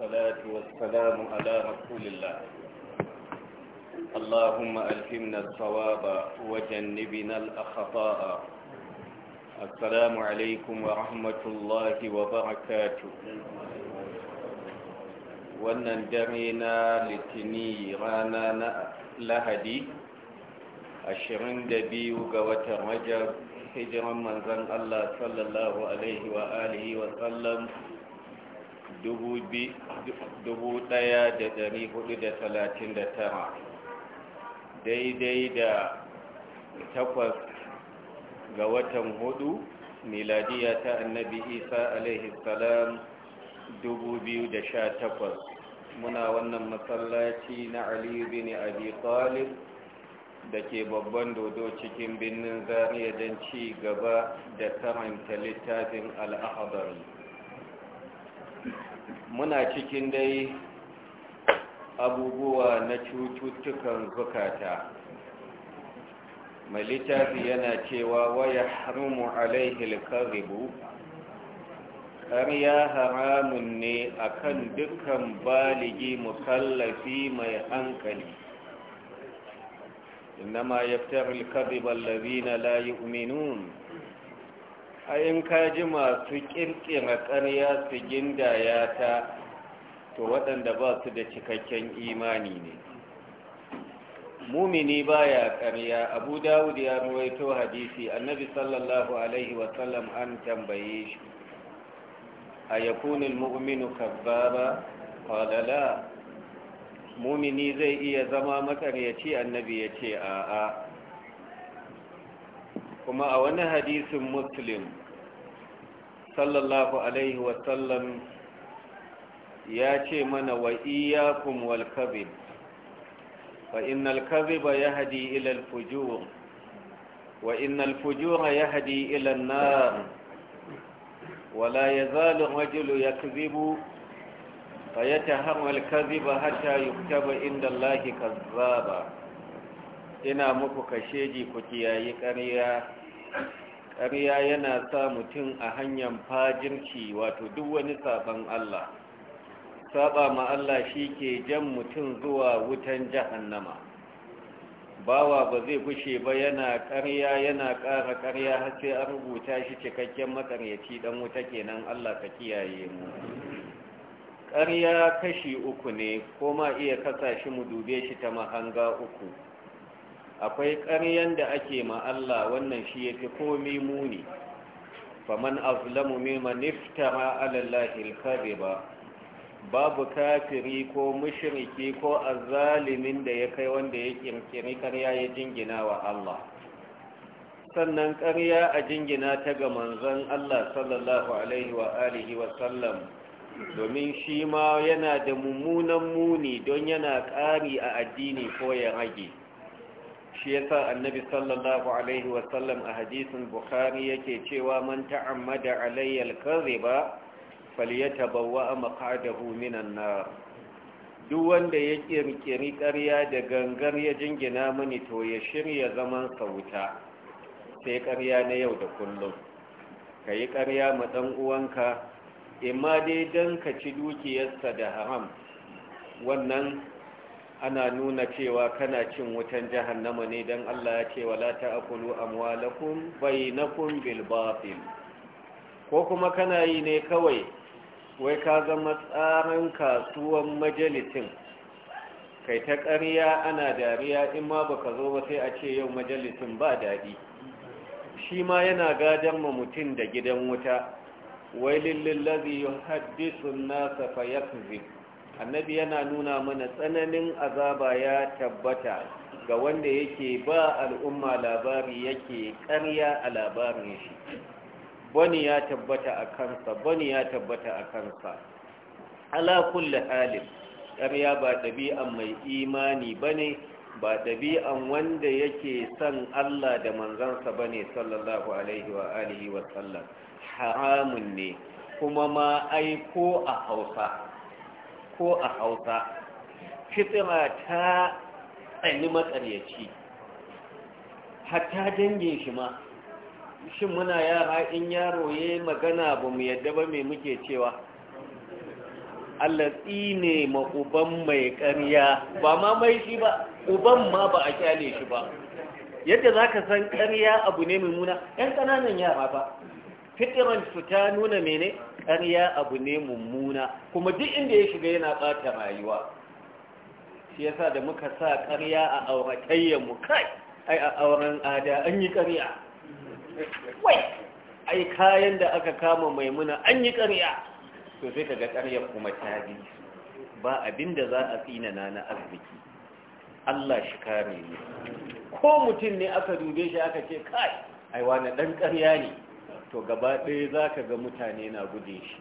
والصلاة والسلام على رسول الله اللهم ألهمنا الصواب وجنبنا الأخطاء السلام عليكم ورحمة الله وبركاته wannan dare na litini rana na lahadi 22 ga watan rajar hijiran manzan allah sallallahu alaihi wa alihi wa sallam tara, daidai da takwas ga watan hudu miladiya ta annabi isa alaihi sha takwas, muna wannan matsalaci na aliyu bin abi talib da ke babban dodo cikin birnin zariya don ci gaba da karanta littafin al'ahadari muna cikin dai abubuwa na cututtukan zukata mai littafi yana cewa waya harumu alaihi alkaribu ƙarya haramun ne akan dukkan baligi musallafi mai hankali innama yaftar alkaribar labina la yi a in ka ji masu ƙirƙira ƙarya su gindaya ta to waɗanda ba su da cikakken imani ne mumini baya ƙarya abu dawud ya ruwaito hadisi annabi sallallahu alaihi wasallam an tambaye shi a yakunin mu'minu kabbaba kwalala. mumini zai iya zama makaryaci annabi ya ce a'a kuma a wani hadisin muslim sallallahu alaihi wasallam ya ce mana wa iyakum wal kadhib fa innal kadhiba yahdi ila al fujur wa innal fujura yahdi ila an nar ولا يزال الرجل يكذب فيتهم الكذب حتى يكتب عند الله كذابا ina muku kasheji ku kiyaye ƙarya ƙarya yana sa mutum a hanyar fajirci wato duk wani saban Allah saba ma Allah shi ke jan mutum zuwa wutan jahannama bawa ba zai fushe ba yana ƙarya yana ƙara ƙarya har sai an rubuta shi cikakken makaryaci dan wuta kenan Allah ka kiyaye mu ƙarya kashi uku ne ko ma iya kasa shi mu dube shi ta mahanga uku akwai ƙaryan da ake ma Allah wannan shi yafi komai muni faman azlamu mimma niftara ala Allahi al babu kafiri ko mushriki ko azalimin da ya kai wanda ya kirkiri ƙarya ya jingina wa Allah sannan ƙarya a jingina ta ga manzon Allah sallallahu alaihi wa alihi wa sallam domin shi ma yana da mummunan muni don yana ƙari a addini ko ya rage shi yasa annabi sallallahu alaihi wasallam a hadisin bukhari yake cewa man ta'ammada alayya al-kadhiba falyatabawwa maqadahu minan nar duk wanda ya kirkiri ƙarya da gangar ya jingina mini to ya shirya zaman sa wuta. sai ƙarya na yau da kullum ka yi ƙarya ma ɗan uwanka imma dai don ka ci dukiyarsa da haram wannan ana nuna cewa kana cin wutan jahannama ne don Allah ya ce wala ta'kulu amwalakum bainakum bil batil ko kuma kana yi ne kawai wai ka zama tsarin kasuwan Majalitin. kai ta ƙarya ana dariya in ma baka zo ba sai a ce yau majalisin ba daɗi shi ma yana gadon ma mutum da gidan wuta wailin lillazi yuhaddisu nasa fayakzib annabi yana nuna mana tsananin azaba ya tabbata ga wanda yake ba al'umma labari yake karya a labarin shi bani ya tabbata a kansa bani ya tabbata a kansa ala kulli halin ƙarya ba ɗabi'an mai imani bane ba ɗabi'an wanda yake son Allah da manzansa bane sallallahu alaihi wa alihi wa sallam haramun ne kuma ma aiko a Hausa ko a hausa fitsira ta tsani matsaryaci Hata dangin shi ma shin muna yara in yaro ya yi magana ba mu yadda ba mai muke cewa allatsi ne ma uban mai ƙarya ba ma mai shi ba uban ma ba a kyale shi ba yadda za ka san ƙarya abu ne mai muna 'yan ƙananan yara ba su ta nuna mene ƙarya abu ne mummuna kuma duk inda ya shiga yana ɓata rayuwa shi yasa da muka sa ƙarya a auratayyar mu kai ai a auren ada an yi ƙarya wai ai kayan da aka kama maimuna an yi ƙarya to sai ka ga ƙaryar kuma ta bi ba abin da za a tsinana na arziki Allah shi kare ne ko mutum ne aka dube shi aka ce kai ai na ɗan ƙarya ne to gaba ɗaya za ka ga mutane na gudun shi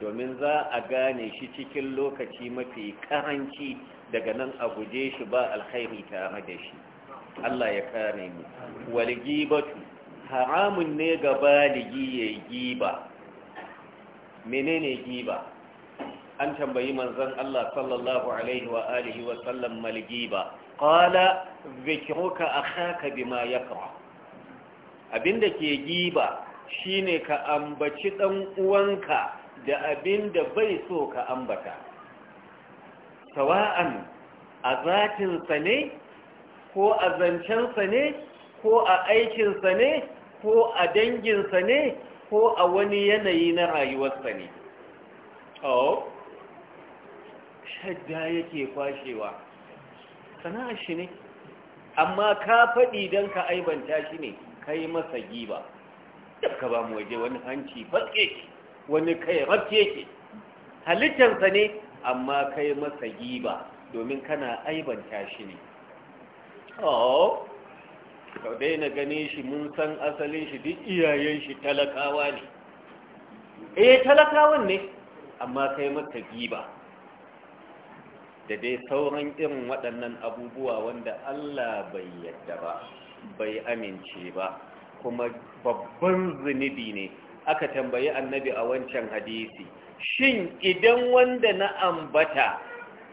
domin za a gane shi cikin lokaci mafi karanci daga nan a guje shi ba alkhairi tare da shi Allah ya kare mu wal gibatu haramun ne ga baligi ya giba menene giba an tambayi manzon Allah sallallahu alaihi wa alihi wa sallam mal giba qala dhikruka akhaka bima yakra abinda ke giba shine ka ambaci ɗan uwanka da abin da bai so ka ambata sawa'an a zatinsa ne ko a zancensa ne ko a aikinsa ne ko a danginsa ne ko a wani yanayi na rayuwarsa ne oh shadda yake kwashewa sana'a shi ne amma ka faɗi don ka aibanta shi ne ka yi masa giba ka ba mu waje wani hanci fatke wani kai rafke ki halittansa ne amma kai masa giba domin kana aibanta shi ne oh ka daina gane shi mun san asalin shi duk iyayen shi talakawa ne eh talakawan ne amma kai masa giba da dai sauran irin waɗannan abubuwa wanda Allah bai yadda ba bai amince ba kuma babban zunubi ne aka tambayi annabi a wancan hadisi shin idan wanda na ambata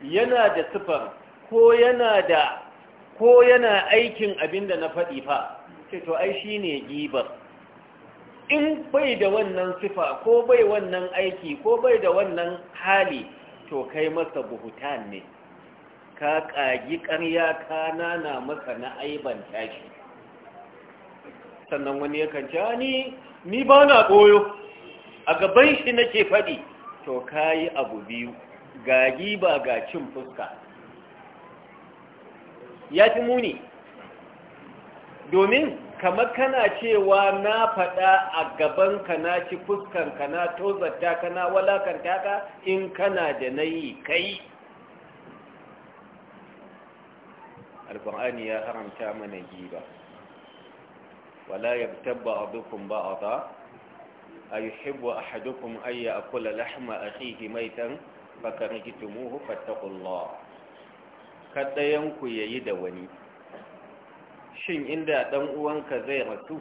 yana da sifar ko yana da ko yana aikin abinda na faɗi fa ce to ai shi ne gibar in bai da wannan sifa ko bai wannan aiki ko bai da wannan hali to kai masa buhutan ne ka ƙagi ƙarya ka nana masa na aibanta shi sannan wani ya ce ni ni ba na ɓoyo a gaban shi nake faɗi to kayi abu biyu ga giba ga cin fuska ya fi muni domin kamar kana cewa na faɗa a gaban ka na ci fuskan ka na tozarta ka na walakanta ka in kana da na yi. kai alƙur'ani ya haramta mana giba ولا يغتب بعضكم بعضا أيحب أحدكم أن يأكل لحم أخيه ميتا فكرهتموه فاتقوا الله kada yanku ya yi da wani shin inda ɗan uwanka zai rasu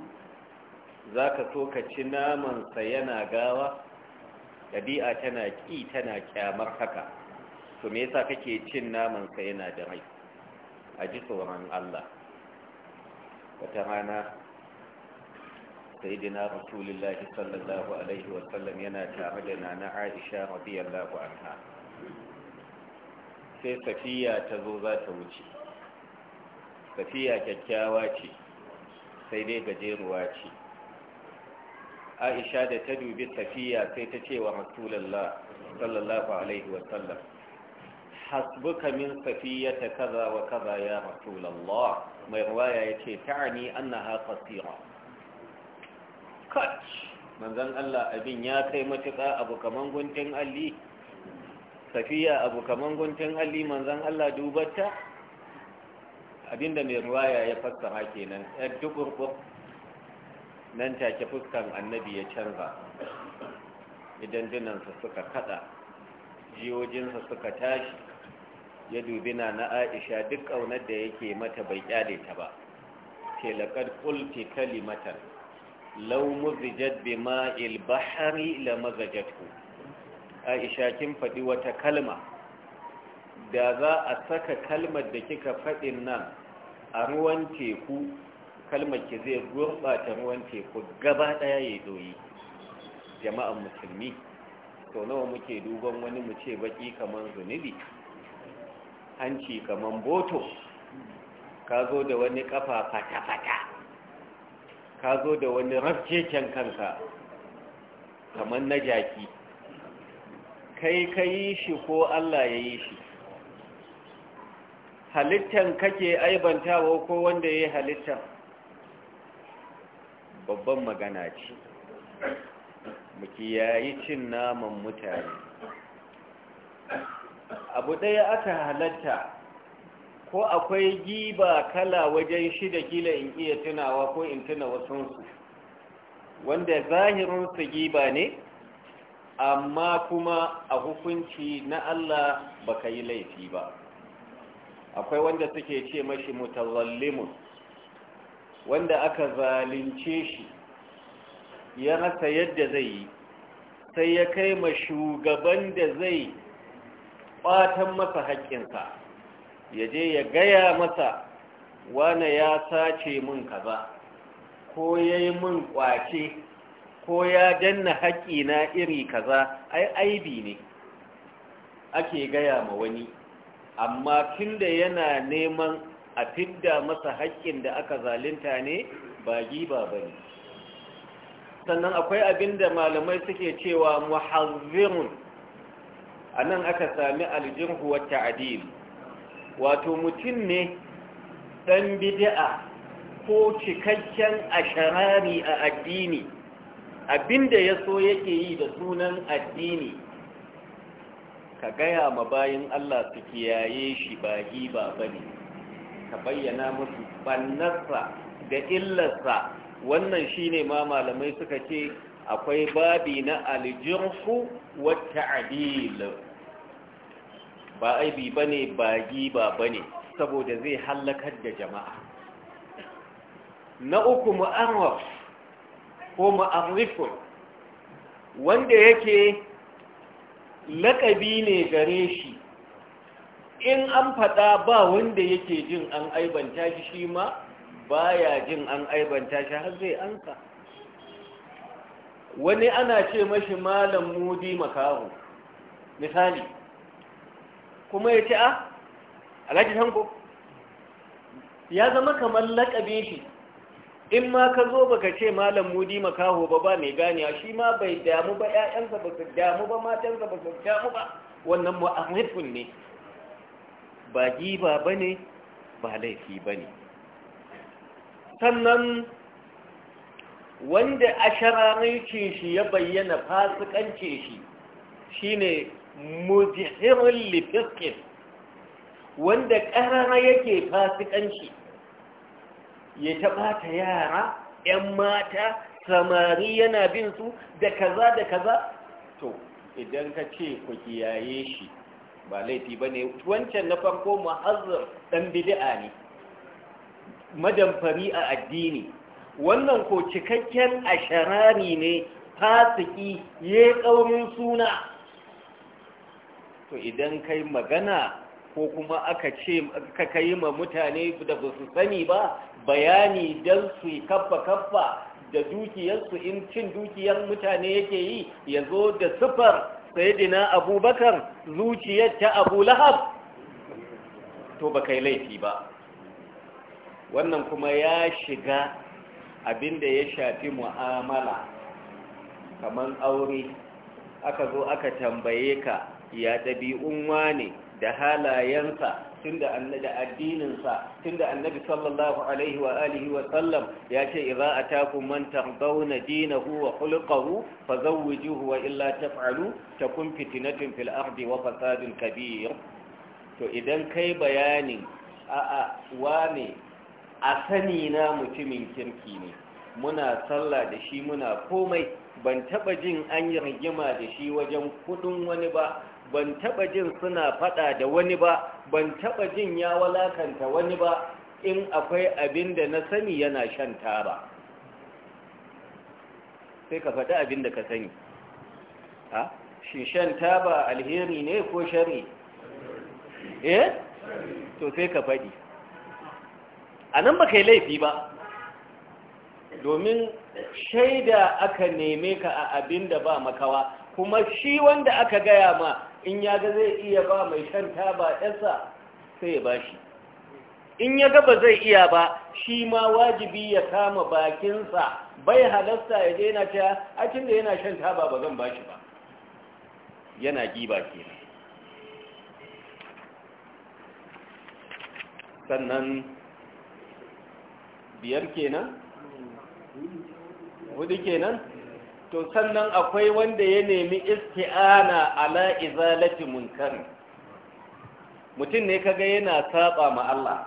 za ka so ka ci namansa yana gawa ɗabi'a tana ƙi tana ƙyamar haka to me yasa kake cin namansa yana da rai a tsoron Allah wata rana Sa'idina rasulullah sallallahu alaihi wa sallam yana tare da nana Aisha radiyallahu anha sai safiya ta zo za ta wuce safiya kyakkyawa ce sai dai gajeruwa ce Aisha da ta dubi safiya sai ta ce wa rasulullah sallallahu alaihi wa sallam hasbuka min safiyata kaza wa kaza ya rasulullah mai ruwaya yace ta'ani annaha kasira. kat manzan Allah abin ya kai matuƙa abu kaman guntun alli safiya abu kaman guntun alli manzan Allah dubatta abinda mai ruwaya ya fassara kenan yar dukurkur nan take fuskan annabi ya canza idan dinansa suka kada jiyojinsa suka tashi ya dubi na na aisha duk kaunar da yake mata bai kyale ta ba ke laƙar ƙulti kalimatan lau muzijat bi ma'il bahari la mazajatku aisha kin faɗi wata kalma da za a saka kalmar da kika faɗin nan a ruwan teku kalmar ki zai gurɓata ruwan teku gaba ɗaya ya doyi jama'an musulmi to nawa muke duban wani mu ce baƙi kamar zunubi hanci kaman boto ka zo da wani ƙafa fata-fata ka zo da wani rafkeken kanka kamar na jaki kai ka yi shi ko Allah ya yi shi halittan kake aibantawa ko wanda ya yi halittan babban magana ce ya yi cin naman mutane abu ɗaya aka halatta ko akwai giba kala wajen shida kila in iya tunawa ko in tuna wasunsu wanda zahirinsu giba ne amma kuma a hukunci na Allah ba ka yi laifi ba akwai wanda suke ce mashi mutawallimun wanda aka zalunce shi ya rasa yadda zai yi sai ya kai ma shugaban da zai ɓatan masa haƙƙinsa ya je ya gaya masa wane ya sace min kaza ko ya yi min kwace ko ya danna na iri kaza ai aibi ne ake gaya ma wani amma tun da yana neman a fidda masa haƙƙin da aka zalunta ne ba giba ba ne sannan akwai abin da malamai suke cewa muhazzirun a nan aka sami aljihu wata ta'adil wato mutum ne ɗan bid'a ko cikakken asharari a addini abinda ya so yake yi da sunan addini ka gaya ma bayan Allah su kiyaye shi ba yi ba ne ka bayyana musu bannarsa da illarsa wannan shine ma malamai suka ce akwai babi na aljirhu wata adil ba aibi ba ne ba giba bane saboda zai hallakar da jama'a na uku mu'arraf ko mu'arrifun wanda yake lakabi ne gare shi in an faɗa ba wanda yake jin an aibanta shi shi ma baya jin an aibanta shi har zai anka wani ana ce mashi malam mudi makaho misali kuma ya ce a ah, alhaji tanko ya zama kamar lakabin shi in ma ka zo baka ce malam mudi makaho ba ba mai ganiya shi ma bai damu ba ƴaƴansa ba su damu ba matansa ba su damu ba wannan mu'amifin ne ba giba ba ne ba laifi ba ne sannan wanda a shi ya bayyana fasikance shi shi ne. mujihirin lifiskin wanda ƙarara yake fasikanci ya taɓata yara 'yan mata samari yana bin su da kaza da kaza to idan ka ce ku kiyaye shi ba laifi ba ne wancan na farko ma'azar ɗan bidi'a ne madamfari a addini wannan ko cikakken asharari ne fasiki ya ƙaunin suna to idan kai magana ko kuma aka ce ka kai ma mutane da ba su sani ba bayani don su kaffa kaffa da dukiyarsu in cin dukiyar mutane yake yi ya zo da sufar sayidina abubakar zuciyar ta abu lahab to ba kai laifi ba wannan kuma ya shiga abinda ya shafi mu'amala kamar aure aka zo aka tambaye ka ya ɗabi'un wane da halayensa tun da addininsa tun da annabi sallallahu alaihi wa alihi wa sallam ya ce idza atakum man tardawna dinahu wa khulquhu fazawwijuhu wa illa taf'alu ta kun fil ardi wa fasadun kabir to idan kai bayanin a a wane a sani na mutumin kirki ne muna sallah da shi muna komai ban taba jin an yi rigima da shi wajen kudin wani ba ban taba jin suna fada da wani ba ban taba jin ya walakanta wani ba in akwai abin da na sani yana shan taba sai ka faɗi abin da ka sani ha shi shan taba alheri ne ko shari eh to sai ka faɗi a nan ba kai laifi ba domin shaida aka neme ka a abin da ba makawa kuma shi wanda aka gaya ma in ya ga zai iya ba mai shan taba ɗansa sai ya ba shi in ya gaba zai iya ba shi ma wajibi ya kama bakinsa bai halasta ya daina ta akin da yana shan taba ba zan ba shi ba yana giba ke sannan biyar kenan hudu kenan to sannan akwai wanda ya nemi isti'ana ala izalati munkari mutum ne kaga yana saba ma Allah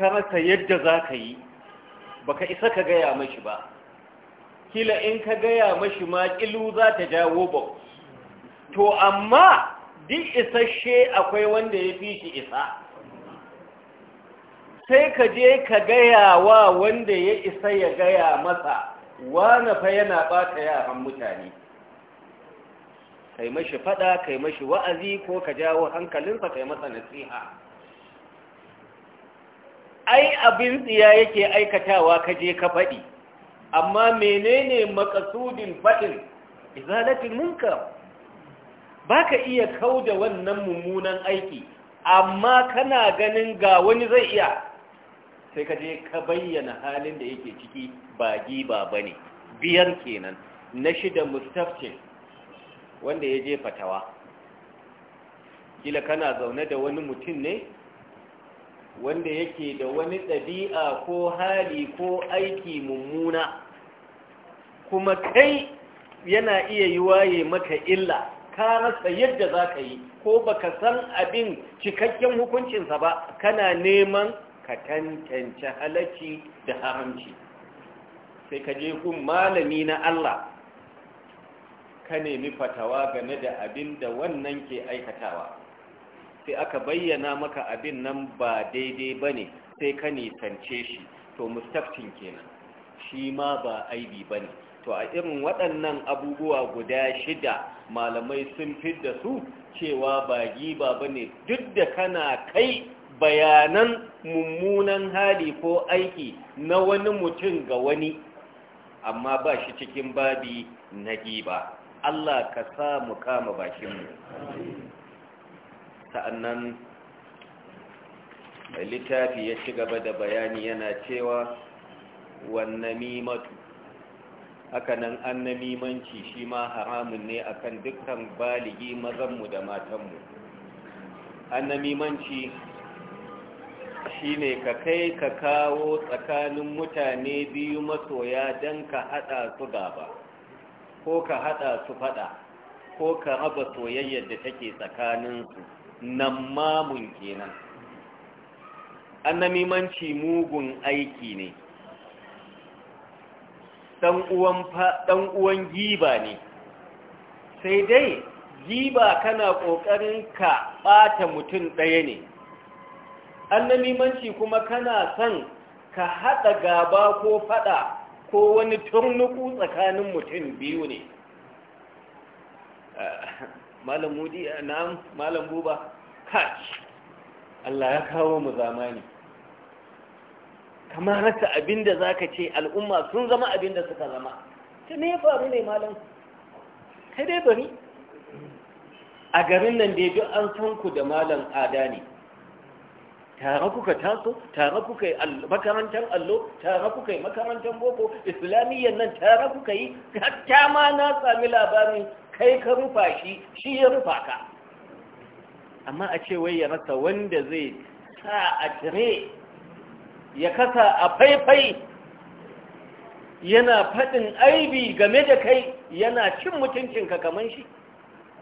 karanta yadda za ka yi baka isa ka gaya mashi ba kila in ka gaya mashi ma kilu za ta jawo ba to amma duk isasshe akwai wanda ya fi shi isa sai ka je ka gaya wa wanda ya isa ya gaya masa wane fa yana ɓata yaran mutane kai mashi fada kai mashi wa'azi ko ka jawo hankalinsa kai masa nasiha ai abin tsiya yake aikatawa ka je ka faɗi amma menene makasudin faɗin izalatin munka ba iya kauda wannan mummunan aiki amma kana ganin ga wani zai iya sai ka je ka bayyana halin da yake ciki ba giba ba ne biyar kenan na shida mustafcin wanda ya je fatawa kila kana zaune da wani mutum ne wanda yake da wani ɗabi'a ko hali ko aiki mummuna kuma kai yana iya yi waye maka illa ka rasa yadda za ka yi ko baka san abin cikakken hukuncinsa ba kana neman ka tantance halacci da haramci sai ka je kun malami na Allah ka nemi fatawa game da abin da wannan ke aikatawa sai aka bayyana maka abin nan ba daidai ba ne sai ka nisance shi to mustaftin kenan shi ma ba aibi ba ne to a irin waɗannan abubuwa guda shida malamai sun fi da su cewa ba giba ba ne duk da kana kai bayanan mummunan hali ko aiki na wani mutum ga wani amma ba shi cikin babi na giba Allah ka sa mu kama bakinmu sa'annan mai littafi ya ci gaba da bayani yana cewa wannan mimatu hakanan an namimanci shi ma haramun ne akan dukkan baligi mazanmu da matanmu an namimanci shine ka kai ka kawo tsakanin mutane biyu masoya don ka hada su gaba ko ka hada su faɗa, ko ka raba soyayyar da take su, nan mamun kenan annamimanci mugun aiki ne dan uwan giba ne sai dai giba kana ƙoƙarin ka ɓata mutum ɗaya ne annamimanci kuma kana son ka haɗa gaba ko faɗa ko wani turnuku tsakanin mutum biyu ne eh, malam mudi na'am malam buba kash Allah ya kawo mu zamani kamar rasa abinda zaka ce al'umma sun zama abinda suka zama ta me ya faru ne malam kai dai bari a garin nan dai duk an san ku da malam ada ne tare kuka taso tare kuka yi makarantar allo tare kuka yi makarantar boko islamiyyar nan tare kuka yi hatta ma na sami labarin kai ka rufa shi shi ya rufa ka amma a ce wai ya rasa wanda zai sa a tire ya kasa a faifai yana faɗin aibi game da kai yana cin mutuncinka kamar shi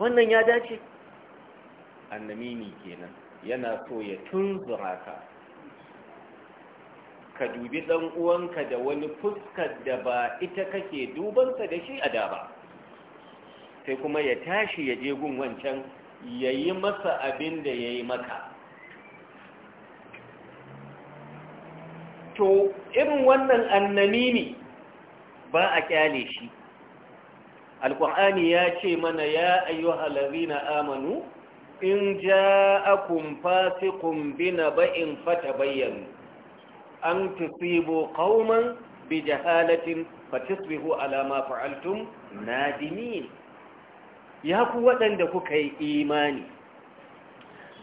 wannan ya dace annamini kenan yana so ya tunzura ka ka dubi ɗan uwanka da wani fuskar da ba ita kake dubansa da shi a da ba sai kuma ya tashi ya je gun wancan ya yi masa abin da ya yi maka to irin wannan annami ne ba a kyale shi alkur'ani ya ce mana ya ayyuhal ladina amanu in ja'akum fasiqun naba'in fatabayyanu an tusibu qauman jahalatin fatisbihu ala ma fa'altum nadimin ya ku waɗanda kuka yi imani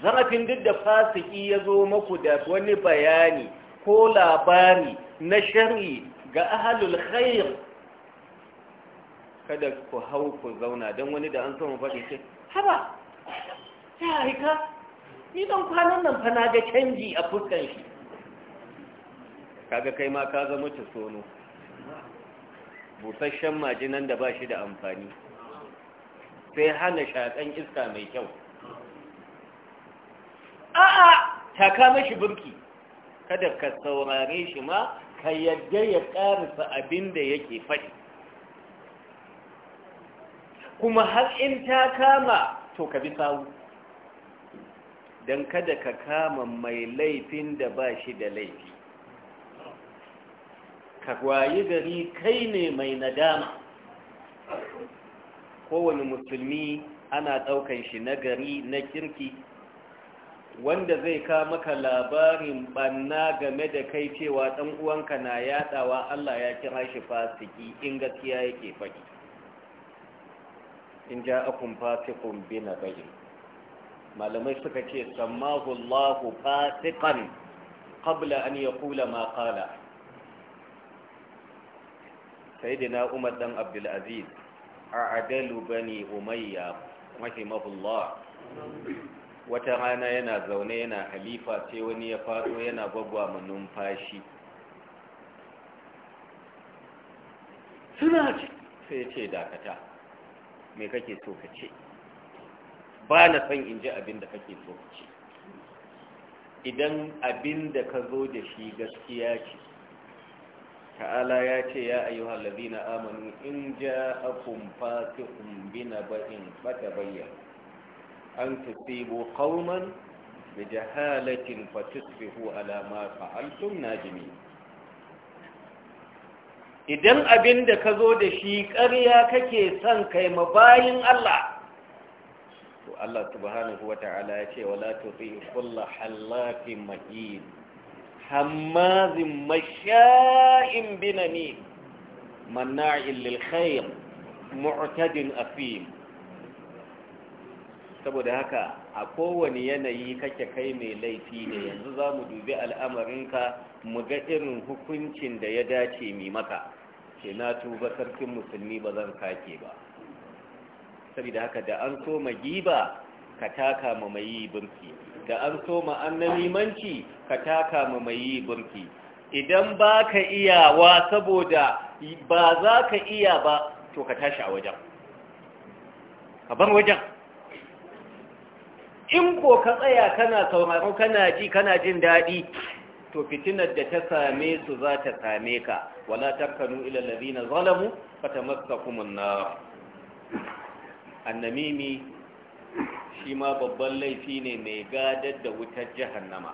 zarafin duk fasiki ya zo maku da wani bayani ko labari na shari ga ahlul khair kada ku hau ku zauna don wani da an mu fadi ce haba ya aika ni don kwanan nan fa ga canji a fuskan shi kaga kai ma ka zama ta sono busasshen majinan da ba shi da amfani sai hana shakan iska mai kyau a'a taka shi burki kada ka saurare shi ma ka yadda ya ƙarisa abin da yake faɗi kuma har in ta kama to ka bi sawu don kada ka kama mai laifin da ba shi da laifi ka wayi gari kai ne mai nadama kowane musulmi ana ɗaukan shi na gari na kirki wanda zai ka labarin banna game da kai cewa ɗan uwanka na yaɗawa Allah ya kira shi fasiki in gaskiya yake faɗi in ja akun fasikun bina bayin malamai suka ce sammahu Allahu fasiqan qabla an yaqula ma qala sayyidina Umar dan Abdul Aziz a'dalu bani Umayya rahimahullah wata rana yana zaune yana halifa sai wani ya fado yana gwagwa mu numfashi suna ce sai ce dakata me kake so ka ce ba na son in ji abin da kake so ce idan abin da ka zo da shi gaskiya ce ta'ala ya ce ya ayyu na amanu in ja ja'akum fasiqun bata bayan an kauman da bijahalatin fatusbihu ala ma fa'altum najimi idan abin da ka zo da shi ƙarya kake son kai mabayin Allah to Allah subhanahu wa ta'ala ya ce wala tuti kullu halatin mahin hammazin masha'in binani manna'in lil khair mu'tadin afim saboda haka a kowane yanayi kake kai mai laifi ne yanzu za mu dubi al'amarinka mu ga irin hukuncin da ya dace mai maka ke na tuba sarkin musulmi ba zan kake ba saboda haka da an so ma giba ka taka ma mai burki da an so ma annalimanci ka taka ma mai burki idan ba ka iyawa saboda ba za ka iya ba to ka tashi a wajen ka bar wajen in ko ka tsaya kana sauraro kana ji kana jin daɗi to fitinar da ta same su za ta same ka wala tarkanu ila allazina zalamu fatamassakumun nar annamimi shi ma babban laifi ne mai gadar da wutar jahannama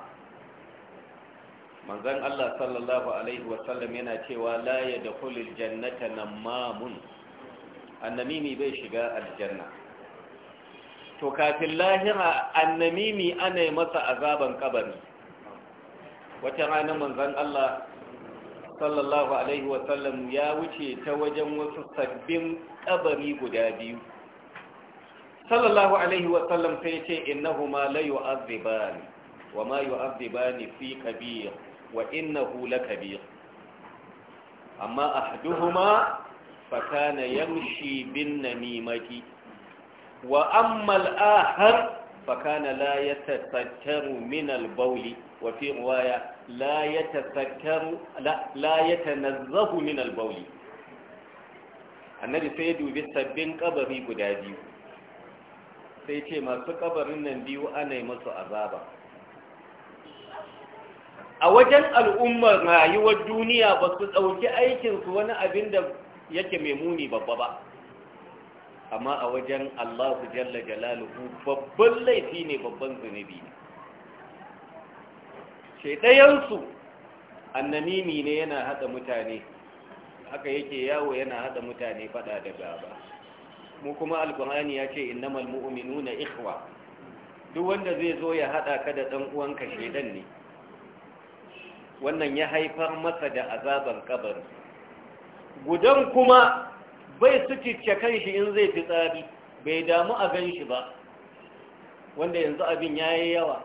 manzan Allah sallallahu alaihi wasallam yana cewa laye da kulil jannata mamun annamimi bai shiga aljanna to kafin lahira annamimi ana yi masa azaban kabari wata ranar manzan Allah sallallahu alaihi wasallam ya wuce ta wajen wasu sabbin kabari guda biyu sallallahu alaihi wasallam sai ce innahuma la yu'adhibani wa ma yu'adhibani fi kabir wa innahu lakabir amma ahduhuma fa kana yamshi bin namimati wa amma al-akhar فكان لا يتذكر من البول وفي رواية la يتذكر لا, لا يتنزه من sai dubi sabbin بسبين guda biyu. sai ce masu kabarin nan biyu ana yi masu azaba a wajen al'ummar rayuwar duniya ba su ɗauki aikinsu wani abin da yake mai muni babba ba amma a wajen Allah su jalla jalaluhu babban laifi ne babban zunubi ne ce ɗayansu ne yana haɗa mutane haka yake yawo yana haɗa mutane faɗa da gaba mu kuma alkur'ani ya ce innamal na ikhwa duk wanda zai zo ya hada ka da dan uwanka shedan ne wannan ya haifar masa da azabar kabar gudan kuma bai kan shi in zai fi tsari bai damu a gan shi ba wanda yanzu abin yayi yawa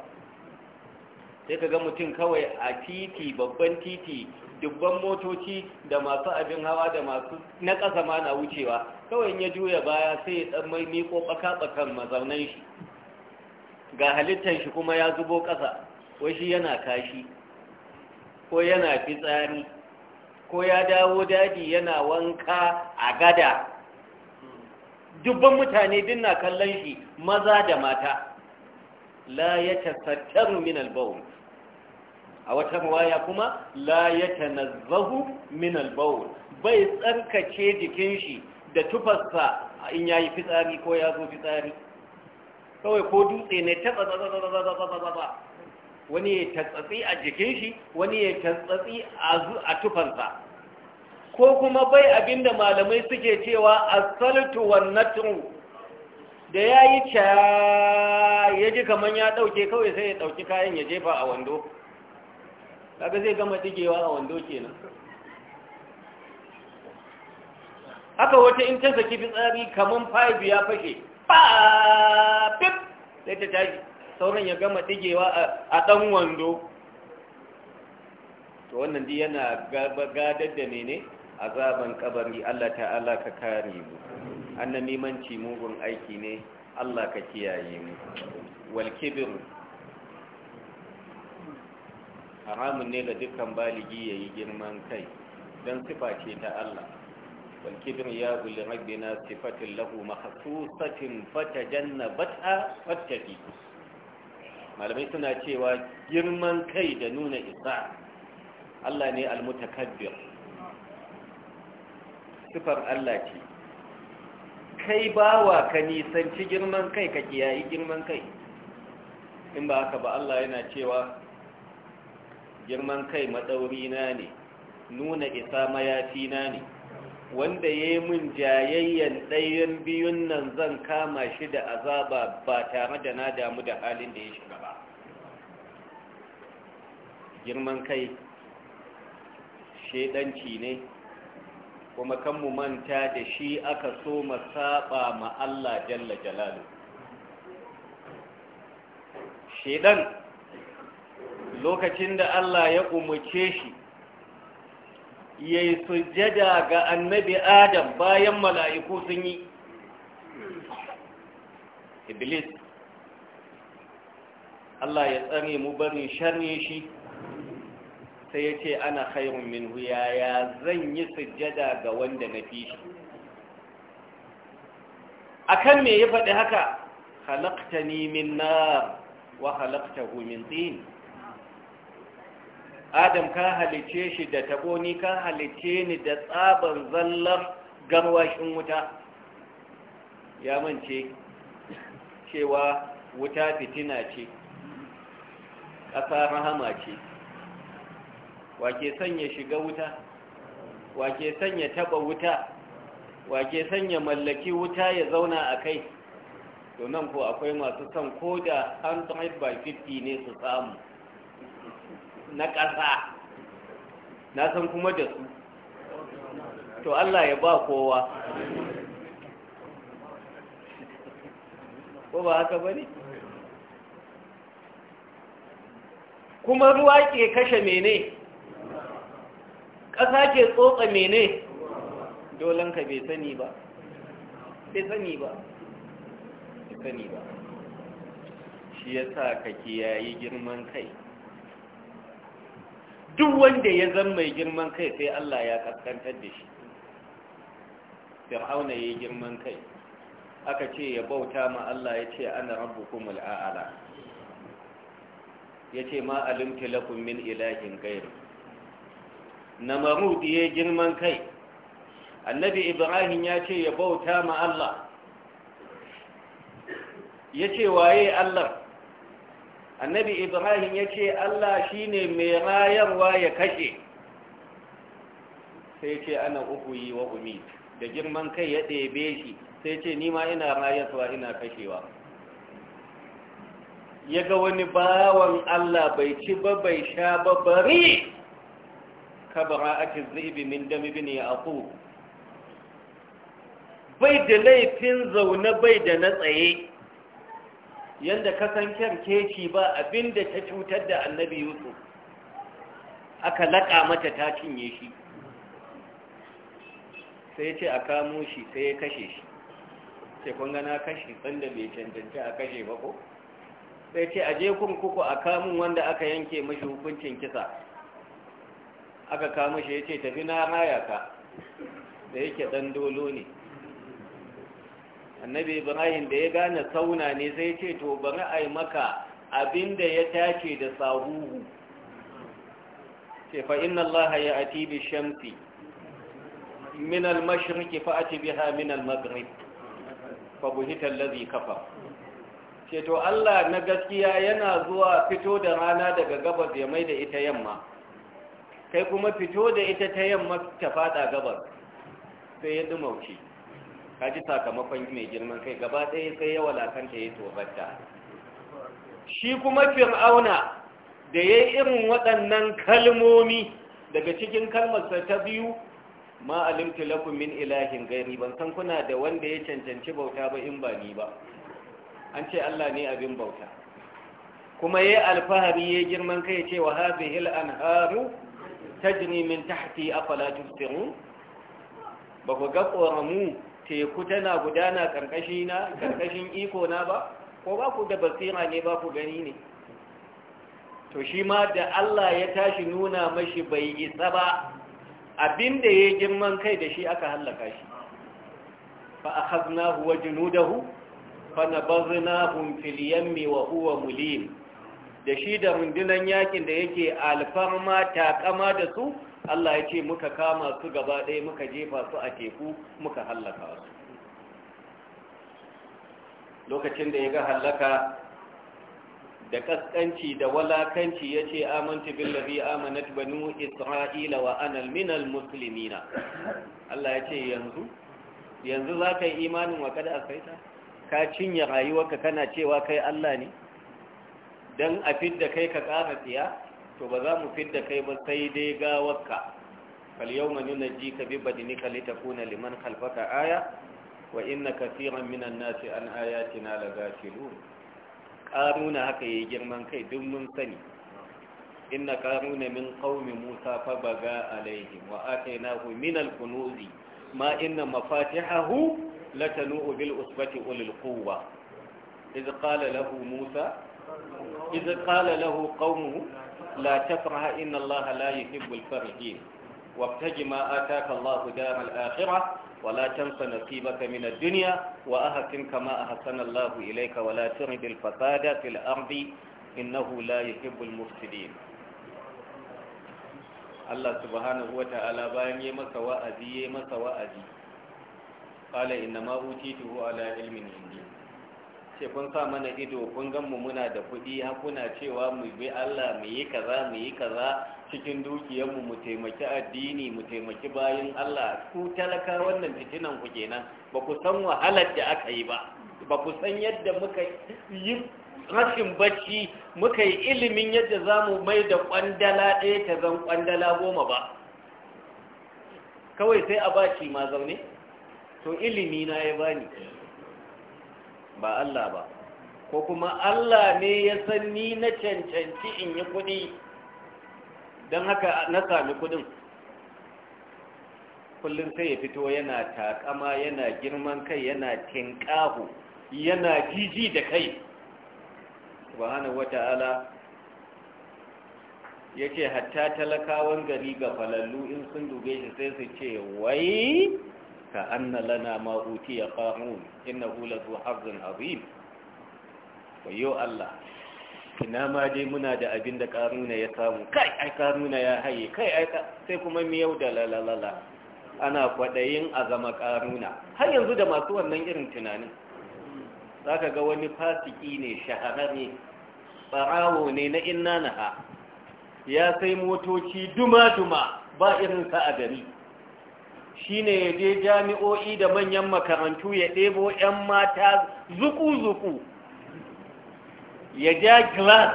sai ka ga mutum kawai a titi babban titi dubban motoci da masu abin hawa da masu na ƙasa ma na wucewa kawai ya juya baya sai ya mai miko ɓaka-ɓakan mazaunan shi ga halittar shi kuma ya zubo ƙasa ko shi yana kashi ko yana tsari ko ya dawo daji yana wanka a gada dubban mutane din na kallon shi maza da mata la ya tasattaru min albawun a wata ruwaya kuma la ya tanazzahu min al-bawl bai tsarkace jikin shi da tufarsa in yayi fitsari ko ya zo fitsari kawai ko dutse ne ta zaba wani ya tantsatsi a jikin shi wani ya tantsatsi a tufarsa ko kuma bai abinda malamai suke cewa as-salatu wan-natru da yayi cha yaji kaman ya dauke kawai sai ya dauki kayan ya jefa a wando kaga zai gama digewa a wando kenan haka wata in ta saki fitsari kaman five ya fashe ba pip sai ta tashi sauran ya gama digewa a dan wando to wannan dai yana gadar da mene azaban kabari Allah ta'ala ka kare mu annan mimanci mugun aiki ne Allah ka kiyaye mu wal kibru haramun ne ga dukkan baligi ya yi girman kai don sifa ce ta Allah walkibir ya guli rabbina sifatin lahu mahasusatin fata janna bata fattaki malamai suna cewa girman kai da nuna isa Allah ne almutakabbir sifar Allah ce kai bawa ka nisanci girman kai ka kiyayi girman kai in ba haka ba Allah yana cewa girman kai maɗaurina ne nuna isa mayafina ne wanda ya yi mun jayayyen ɗayan biyun nan zan kama shi da azaba ba tare da na damu da halin da ya shiga ba girman kai shaidanci ne kuma kan mu manta da shi aka so masaba ma Allah jalla jalalu shaidan lokacin da Allah ya umarce shi ya yi sujjada ga annabi adam bayan mala'iku sun yi iblis Allah ya tsare mu barin sharri shi sai ya ce ana khairun min ya zan yi sujjada ga wanda na fi shi A kan me ya faɗi haka halakta ni min na, wa halakta min tin adam ka halice shi da tabo ni ka halice ni da tsaban zallar garwashin wuta ya mance cewa wuta fitina ce ƙasa rahama ce wake sanya shiga wuta wake sanya taba wuta wake sanya mallaki wuta ya zauna a kai domin ko akwai masu son ko da by 50 ne su samu na ƙasa na san kuma da su to Allah ya ba kowa ko ba haka ba ne kuma ruwa ke kashe mene ƙasa ke tsotsa mene dolanka bai sani ba bai sani ba bai sani ba shi yasa ka kiyaye girman kai duk wanda ya zan mai girman kai sai Allah ya kaskantar da shi fir'auna ya yi girman kai aka ce ya bauta ma Allah ya ce ana rabu kuma al'ala ya ce ma alimta lakum min ilahin gairu marudu ya girman kai annabi ibrahim ya ce ya bauta ma Allah ya ce waye Allah annabi ibrahim ya ce allah shine mai rayarwa ya kashe sai ce ana uku yi wa umi da girman kai ya ɗebe shi sai ce nima ina rayarwa ina kashewa ya ga wani bawan allah bai ci ba bai sha ba bari kabara ake zaibi min dami ne a ku bai da laifin zaune bai da na tsaye yanda ka san kyarkeci ba abinda ta cutar da annabi yusuf aka laƙa mata ta cinye shi sai ce a kamo shi sai ya kashe shi ce kun gana kashe sanda bai cancanci a kashe bako. sai ce a je kurkuku a kamun wanda aka yanke mashi hukuncin kisa aka kamo shi ya ce tafi na raya ka da yake ɗan dolo ne annabi ibrahim da ya gane sauna ne sai ce to bari a yi maka abinda ya tace da sahuhu fa inna Allah ya bi shamsi min al-mashriqi fa ati biha min al-maghrib fa buhita allazi kafa ce to Allah na gaskiya yana zuwa fito da rana daga gabas ya mai da ita yamma kai kuma fito da ita ta yamma ta fada gabas sai ya dumauce ka ji sakamakon mai girman kai gaba ɗaya sai ya walakanta ya tobata shi kuma fir'auna da ya yi irin waɗannan kalmomi daga cikin kalmarsa ta biyu ma alimtu lakum min ilahin gari ban san kuna da wanda ya cancanci bauta ba in ba ni ba an ce Allah ne abin bauta kuma yayi alfahari yayi girman kai ce wa hadhihi al-anharu tajri min tahti afala tubsirun ba ku ga ƙoramu teku tana gudana karkashin iko na ba ko ba ku da basira ne ba ku gani ne to shi ma da Allah ya tashi nuna mashi bai isa ba abin da ya girman kai da shi aka hallaka shi fa akhadnahu wa junudahu fa nabadhnahum fil yammi wa huwa mulim da shi da rundunan yakin da yake alfarma takama da su Allah ya ce muka kama su gaba ɗaya muka jefa su a teku muka hallaka su lokacin da ya ga hallaka da kaskanci da walakanci ya ce amintu billahi amanat banu isra'ila wa anal minal na. Allah ya ce yanzu yanzu za ka yi imanin wa kada asaita ka cinye rayuwarka kana cewa kai Allah ne don a fidda kai ka ƙara tsiya to ba za mu fidda kai ba sai dai gawarka fal ji ka bi badinika litakuna liman khalfaka aya wa inna kathiran minan nasi an ayatina lagafilun qaruna haka yayi girman kai duk mun sani inna qaruna min qaumi musa fa ga alaihim wa atainahu min al-kunuz ma inna mafatihahu latanu bil usbati ulil quwwa إذ قال له موسى idza qala lahu qaumuhu la tafraha inna allaha la yuhibbul farihin وابتج ما آتاك الله دار الآخرة ولا تنس نصيبك من الدنيا وأحسن كما أحسن الله إليك ولا ترد الفساد في الأرض إنه لا يحب المفسدين الله سبحانه وتعالى بان يما سواء أزي يما سواء أزي قال إنما أوتيته على علم عندي ce kun sa mana ido kun gan mu muna da kuɗi hakuna cewa mu bi Allah mu yi kaza mu yi kaza cikin dukiyar mu mu taimaki addini mu taimaki bayin Allah ku talaka wannan fitinan ku kenan ba ku san wahalar da aka yi ba ba ku san yadda muka yi rashin bacci muka yi ilimin yadda za mu mai da kwandala ɗaya ta zan kwandala goma ba kawai sai a baki ma zaune to ilimi na ya bani ba Allah ba ko kuma Allah ne ya san ni na cancanci in yi kudi don haka na sami kuɗin kullum sai ya fito yana takama yana girman kai yana tinkahu yana jiji da kai subhanahu wata'ala ya ce hatta talakawan gari ga falallu in sun dube shi sai su ce wai Ka كأن ya ما أوتي قارون إنه zuwa harzin عظيم ويو Allah! ina ma dai muna da abin da karuna ya samu kai ai karuna ya haye kai ai sai kuma miyau da lalalala ana a azama karuna har yanzu da masu wannan irin tunanin Za ka ga wani fasiki ne shahararre barawo ne na inna ha? ya sai motoci duma-duma ba irin sa a gari shine ya je jami'o'i da manyan makarantu ya ɗebo 'yan mata zuku-zuku ya ja glas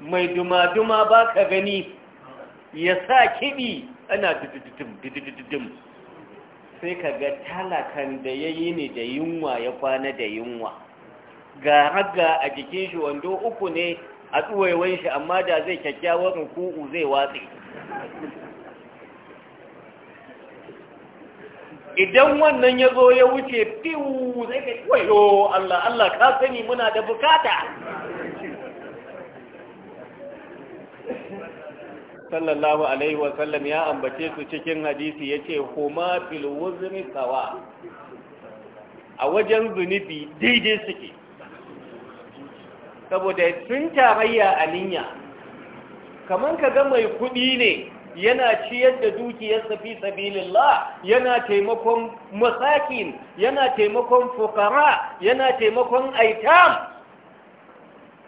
mai duma-duma ba ka gani ya sa kiɗi ana didididim sai ka ga talakan da ya yi ne da yunwa ya kwana da yunwa ga raga a jikin shi wando uku ne a tsuwaiwan shi amma da zai kyakkyawar ruku'u zai watsi idan wannan ya zo ya wuce fiwu zai ka wayo Allah Allah ka sani muna da bukata sallallahu alaihi wasallam ya ambace su cikin hadisi ya ce kuma filwuzini sawa a wajen zunubi daidai suke saboda sun tarayya a niyya kamar ka ga mai kuɗi ne yana ciyar da dukiyarsa fi sabilillah yana taimakon masakin yana taimakon fukara yana taimakon aitam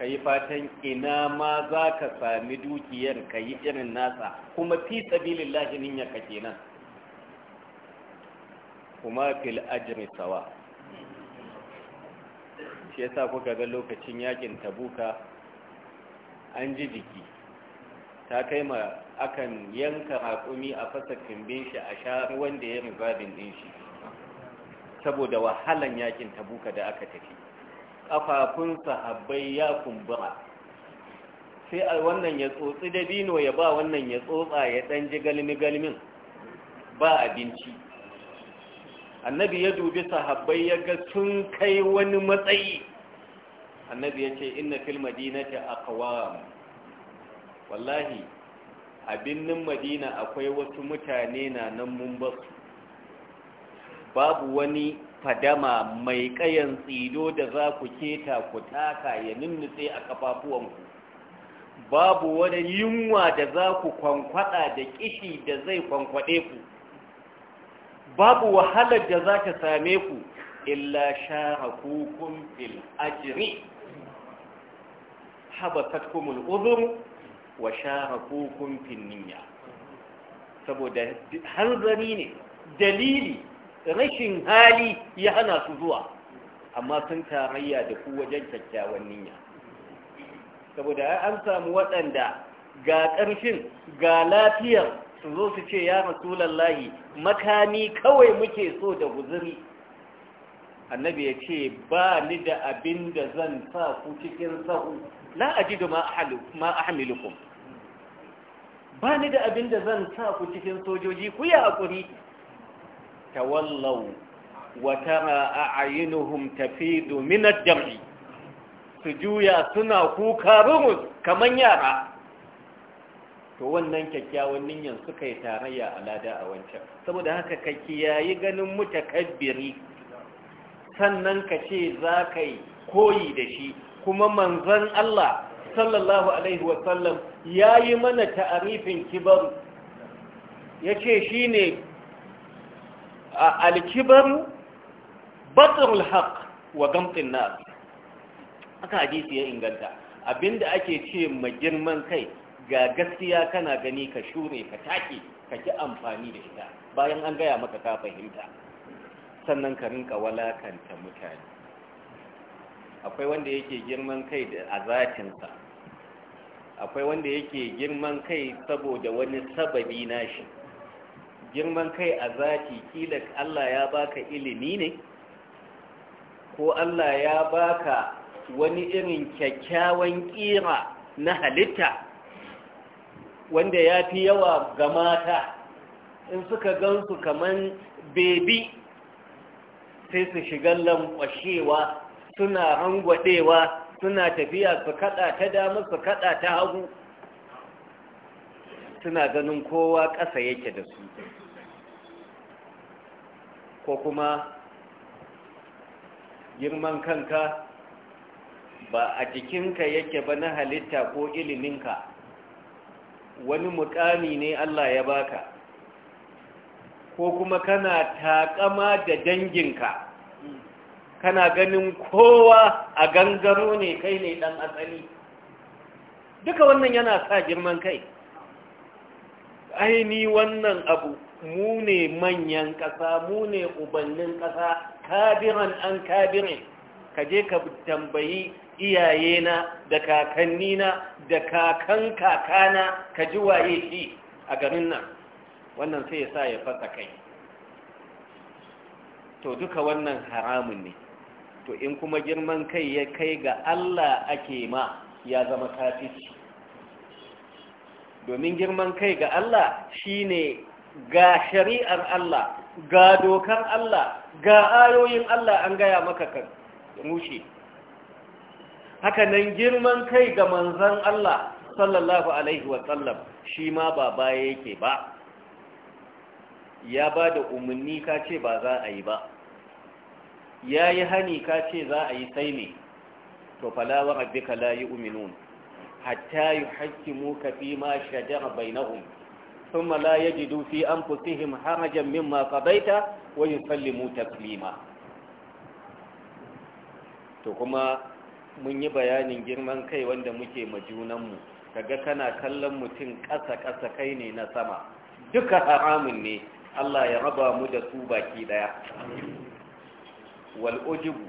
ka fatan ina ma za ka sami dukiyar ka irin nasa kuma fi sabilillah niyyar ka kenan kuma fil ajri sawa shi yasa kuka ga lokacin yakin tabuka an ji jiki ta kai ma akan yanka raƙumi a fasa kimbin shi a sha ruwan da ya rubabin din shi saboda wahalan yakin tabuka da aka tafi ƙafafun sahabbai ya kumbura sai a wannan ya tsotsi dabino ya ba wannan ya tsotsa ya ɗan ji galmi-galmin ba abinci annabi ya dubi sahabbai ya ga sun kai wani matsayi annabi ya ce inna fil madinati aqwam wallahi a binnin madina akwai wasu mutane na nan mun su. babu wani fadama mai kayan tsido da za ku keta ku taka ya nunnutse a ku. babu wani yunwa da za ku kwankwada da kishi da zai kwankwade ku babu wahalar da za ta same ku illa sha hakukun fil ajiri habatatkumul uzuru wa sharakukum fin niyya saboda hanzari ne dalili rashin hali ya hana su zuwa amma sun tarayya da ku wajen kyakkyawan niyya saboda an samu waɗanda ga ƙarshen, ga lafiyar su zo su ce ya lahi makami kawai muke so da guzuri annabi ya ce ba ni da abin da zan sa ku cikin sa'u la ajidu ma ahmilukum ba ni da abinda zan sa ku cikin sojoji ku yi akuri tawallaw wa tara a'yunuhum tafidu min ad-dam'i su juya suna kuka rumus kaman yara to wannan kyakkyawan niyyar suka yi tarayya a lada a wancan saboda haka ka kiyayi ganin mutakabbiri sannan ka ce za ka yi koyi da shi kuma manzon Allah sallallahu alaihi wasallam ya yi mana ta'arifin kibaru ya ce shi ne alkibaru batarul haq wa gamtin na aka hadisi ya inganta abinda ake ce ma girman kai ga gaskiya kana gani ka shure ka take ka ki amfani da ita bayan an gaya maka ka fahimta sannan ka rinka walakanta mutane akwai wanda yake girman kai da a zatinsa akwai wanda yake girman kai saboda wani sababi nashi girman kai a zati kila Allah ya baka ilimi ne ko Allah ya baka wani irin kyakkyawan kira na halitta wanda ya fi yawa ga mata in suka gan su kaman bebi sai su shiga lamkwashewa suna hangwadewa suna tafiya su kada ta dama su kada ta hagu suna ganin kowa ƙasa yake da su ko kuma girman kanka ba a jikinka yake ba na halitta ko iliminka wani mukami ne Allah ya baka ko kuma kana taƙama da danginka kana ganin kowa a gangaro ne kai ne dan asali duka wannan yana sa girman kai aini wannan abu mu ne manyan ƙasa mu ne ubannin ƙasa kabiran an kabirin ka je ka tambayi iyayena da kakannina da kakan kakana ka ji waye shi a garin nan wannan sai ya sa ya fasa kai to duka wannan haramun ne to in kuma girman kai ya kai ga Allah ake ma ya zama kafici domin girman kai ga Allah shine ga shari'ar Allah ga dokar Allah ga ayoyin Allah an gaya maka kan rushe hakanan girman kai ga manzan Allah sallallahu alaihi wa sallam shi ma ba baya yake ba ya ba da umarni ka ce ba za a yi ba ya yi hani ka ce za a yi sai ne to falawa rabbika la uminun hatta muka fi ma bai na shajara bainahum thumma la yajidu fi anfusihim harajan mimma qadaita wa ta klima to kuma mun yi bayanin girman kai wanda muke majunanmu kaga kana kallon mutum ƙasa-ƙasa kai ne na sama duka haramun ne Allah ya raba mu da su baki ɗaya. wal ujubu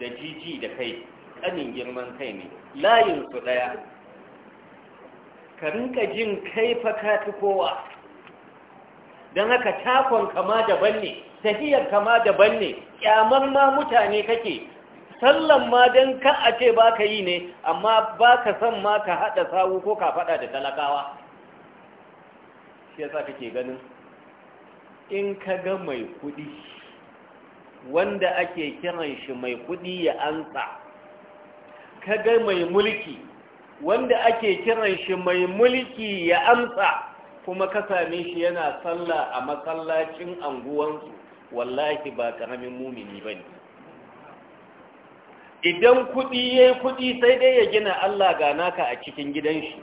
da jiji da kai kanin girman kai ne layin su daya ka rinka jin kai fa ka kowa don haka takon kama daban ne tahiyar kama daban ne kyamar ma mutane kake sallan ma don ka a ce ba yi ne amma baka ka san ma ka haɗa sawu ko ka faɗa da talakawa shi yasa kake ganin in ka ga mai kuɗi wanda ake kiran shi mai kuɗi ya ansa kaga mai mulki wanda ake kiran shi mai mulki ya amsa kuma ka same shi yana sallah a masallacin anguwansu wallahi ba karamin mumini ba ne idan kuɗi yayi yi kuɗi sai dai ya gina Allah ga naka a cikin gidan shi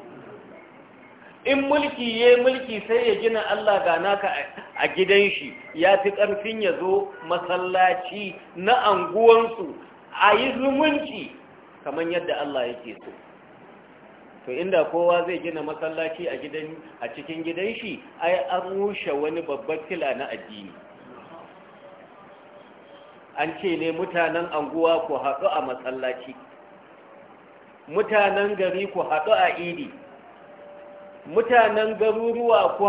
in mulki ya mulki sai ya gina Allah ga naka a gidan shi ya fi ƙarfin ya zo masallaci na anguwansu a yi zumunci kamar yadda Allah yake so to inda kowa zai gina masallaci a gidan a cikin gidan shi ai an rushe wani babbar fila na addini an ce ne mutanen anguwa ku haɗu a masallaci mutanen gari ku haɗu a idi mutanen garuruwa ku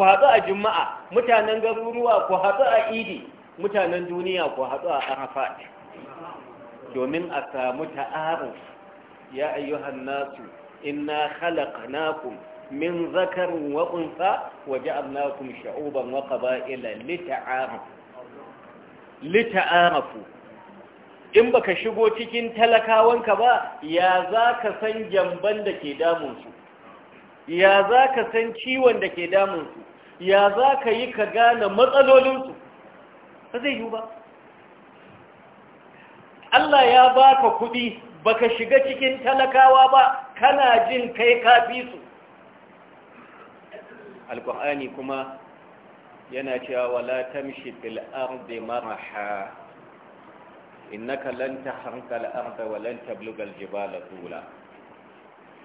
haɗu a juma'a mutanen garuruwa ku haɗu a idi mutanen duniya ku haɗu a arafat domin a samu ta'aruf ya ayyuhan nasu inna khalaqnakum min zakarin wa unsa wa ja'alnakum sha'uban wa qaba'ila lita'arafu lita'arafu in baka shigo cikin talakawanka ba ya zaka san jamban da ke damun su ya za ka san ciwon da ke damunsu ya za ka yi ka gane matsalolinsu ba zai yi ba Allah ya baka kuɗi baka shiga cikin talakawa ba kana jin kai kafi su alƙur'ani kuma yana cewa wala tamshi fil ardi maraha innaka lan tahrqa al arda wa lan tablugha al jibala tula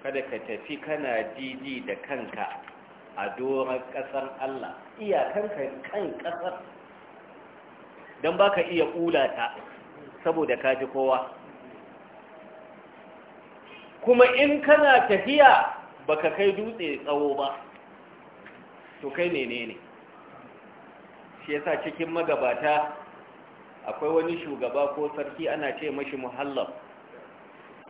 kada ka tafi kana didi da kanka a doron ƙasar Allah iyakanka kan ƙasar don ba ka iya ƙula ta saboda ka ji kowa kuma in kana tafiya baka kai dutse tsawo ba to kai menene ne shi yasa cikin magabata akwai wani shugaba ko sarki ana ce mashi muhallab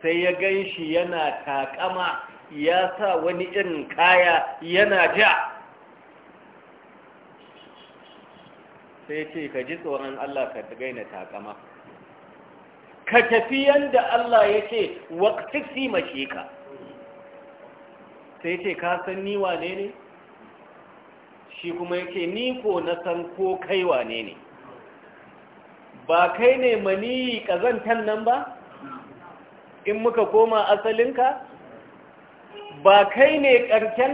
sai ya gan shi yana takama ya sa wani irin kaya yana ja sai ce ka ji tsoron Allah ka na takama ka tafi yadda Allah ya ce waktisi mashi ka sai ce ka san ni wane ne shi kuma ya ce ni ko na san ko kai wane ne ba kai ne maniyi ƙazantan nan ba in muka koma asalinka ba kai ne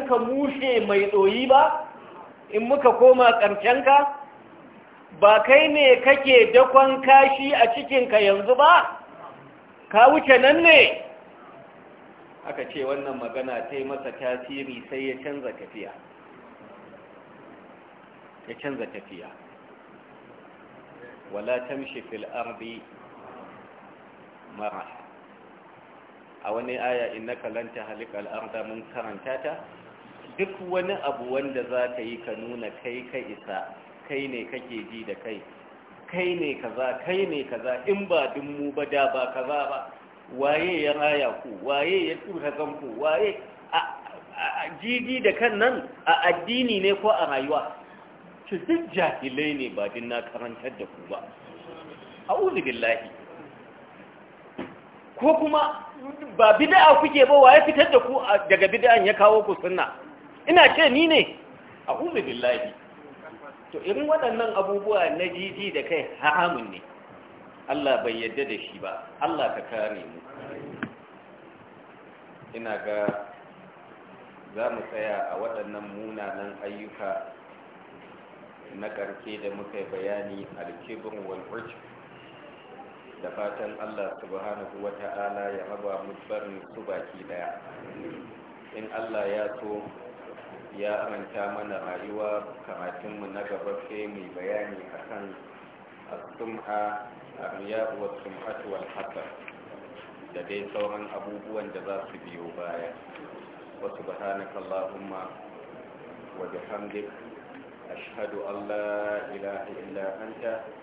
ka mushe mai ɗoyi ba in muka koma ka? ba kai ne kake dakon kashi a cikinka yanzu ba ka wuce nan ne aka ce wannan magana ta yi masa tasiri sai ya canza tafiya ya canza tafiya wala tamshi fil ardi mara a wani aya innaka kalanta tahlikal arda mun karanta ta duk wani abu wanda za ka yi ka nuna kai ka isa kai ne kake ji da kai kai ne kaza kai ne kaza in ba din mu ba da ba kaza ba waye ya raya ku waye ya tura zanku, waye a jiji da kan nan a addini ne ko a rayuwa ki duk jahilai ne ba din na karantar da ku ba a'udhu billahi ko kuma ba bida'a kuke ba waye fitar da ku daga bida'an ya kawo ku sunna ina ce ni ne a'udhu billahi to irin waɗannan abubuwa na jiji da kai haramun ne Allah bai yadda da shi ba Allah ka kare mu ina ga za mu tsaya a waɗannan munanan ayyuka na ƙarfe da muka yi bayani alkibin wal'urci da fatan Allah subhanahu wa ta'ala ya haba mu barin su baki daya in Allah ya so ya aranta mana rayuwa karatunmu na gaba sai mai bayani akan as-sum'a ar wa as da dai sauran abubuwan da za su biyo baya wa subhanaka allahumma wa bihamdik ashhadu an la ilaha illa anta